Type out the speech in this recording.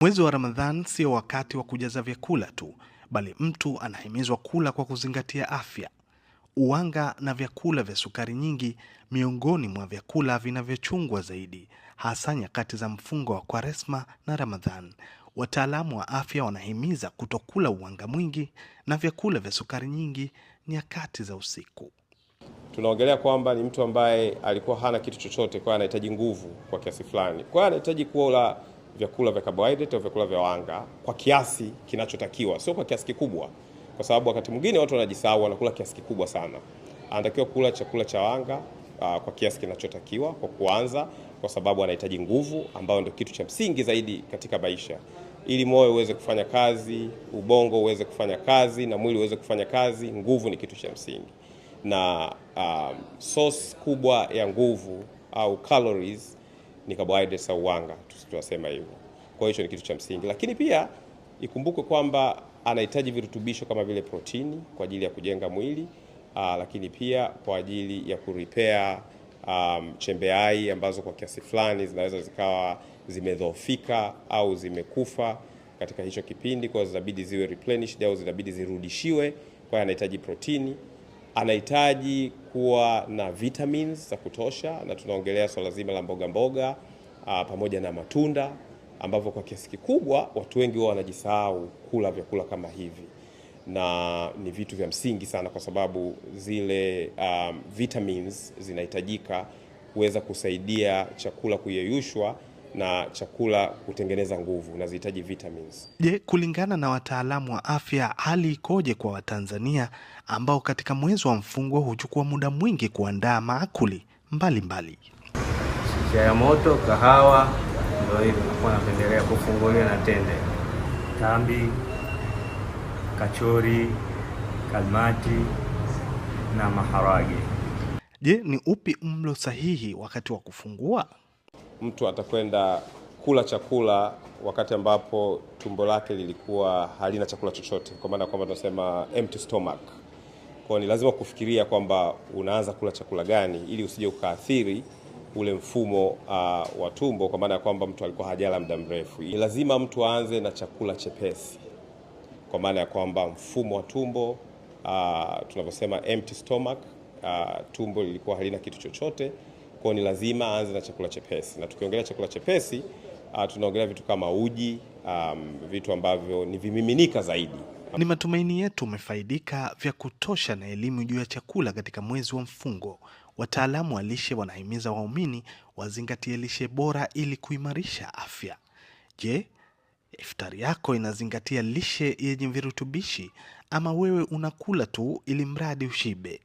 Mwezi wa Ramadhan sio wakati wa kujaza vyakula tu, bali mtu anahimizwa kula kwa kuzingatia afya. Uwanga na vyakula vya sukari nyingi miongoni mwa vyakula vinavyochungwa zaidi, hasa nyakati za mfungo wa Kwaresma na Ramadhan. Wataalamu wa afya wanahimiza kutokula uwanga mwingi na vyakula vya sukari nyingi nyakati za usiku. Tunaongelea kwamba ni mtu ambaye alikuwa hana kitu chochote, kwa anahitaji nguvu kwa kiasi fulani, kwa anahitaji kula vyakula vya carbohydrate au vyakula vya wanga kwa kiasi kinachotakiwa, sio kwa kiasi kikubwa, kwa sababu wakati mwingine watu wanajisahau, wanakula kiasi kikubwa sana. Anatakiwa kula chakula cha wanga Uh, kwa kiasi kinachotakiwa kwa kuanza, kwa sababu anahitaji nguvu ambayo ndio kitu cha msingi zaidi katika maisha, ili moyo uweze kufanya kazi, ubongo uweze kufanya kazi na mwili uweze kufanya kazi. Nguvu ni kitu cha msingi, na um, source kubwa ya nguvu au calories ni carbohydrates au wanga, tunasema hivyo. Kwa hiyo hicho ni kitu cha msingi, lakini pia ikumbukwe kwamba anahitaji virutubisho kama vile protini kwa ajili ya kujenga mwili aa, ah, lakini pia kwa ajili ya kuripea um, chembeai ambazo kwa kiasi fulani zinaweza zikawa zimedhoofika au zimekufa katika hicho kipindi, kwa hiyo zinabidi ziwe replenished au zinabidi zirudishiwe. Kwa hiyo anahitaji protini anahitaji kuwa na vitamins za kutosha, na tunaongelea swala zima la mboga mboga uh, pamoja na matunda ambavyo kwa kiasi kikubwa watu wengi wao wanajisahau kula vyakula kama hivi, na ni vitu vya msingi sana, kwa sababu zile um, vitamins zinahitajika kuweza kusaidia chakula kuyeyushwa na chakula kutengeneza nguvu, zihitaji vitamins. Je, kulingana na wataalamu wa afya, hali ikoje kwa Watanzania ambao katika mwezi wa mfungo huchukua muda mwingi kuandaa maakuli mbalimbali? Chai ya moto, kahawa, ndio hivyo nakuwa napendelea kufungulia na tende, tambi, kachori, kalmati na maharage. Je, ni upi mlo sahihi wakati wa kufungua? mtu atakwenda kula chakula wakati ambapo tumbo lake lilikuwa halina chakula chochote, kwa maana kwamba tunasema empty stomach. Kwa ni lazima kufikiria kwamba unaanza kula chakula gani ili usije ukaathiri ule mfumo uh, wa tumbo, kwa maana ya kwamba mtu alikuwa hajala muda mrefu. Ni lazima mtu aanze na chakula chepesi, kwa maana ya kwamba mfumo wa tumbo uh, tunavyosema empty stomach, uh, tumbo lilikuwa halina kitu chochote. Kwa ni lazima aanze na chakula chepesi, na tukiongelea chakula chepesi uh, tunaongelea vitu kama uji um, vitu ambavyo ni vimiminika zaidi. Ni matumaini yetu umefaidika vya kutosha na elimu juu ya chakula katika mwezi wa mfungo. Wataalamu wa lishe wanahimiza waumini wazingatie lishe bora ili kuimarisha afya. Je, iftari yako inazingatia lishe yenye virutubishi ama wewe unakula tu ili mradi ushibe?